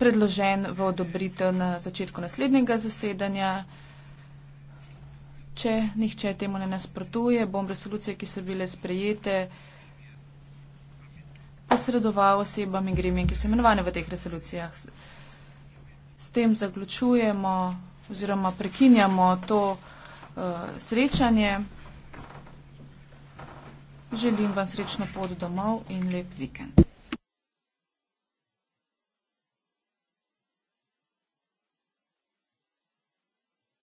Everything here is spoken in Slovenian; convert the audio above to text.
predložen v odobritev na začetku naslednjega zasedanja. Če nihče temu ne nasprotuje, bom resolucije, ki so bile sprejete, posredoval osebam in gremijem, ki so imenovane v teh resolucijah. S tem zaključujemo oziroma prekinjamo to uh, srečanje. Želim vam srečno pot domov in lep vikend.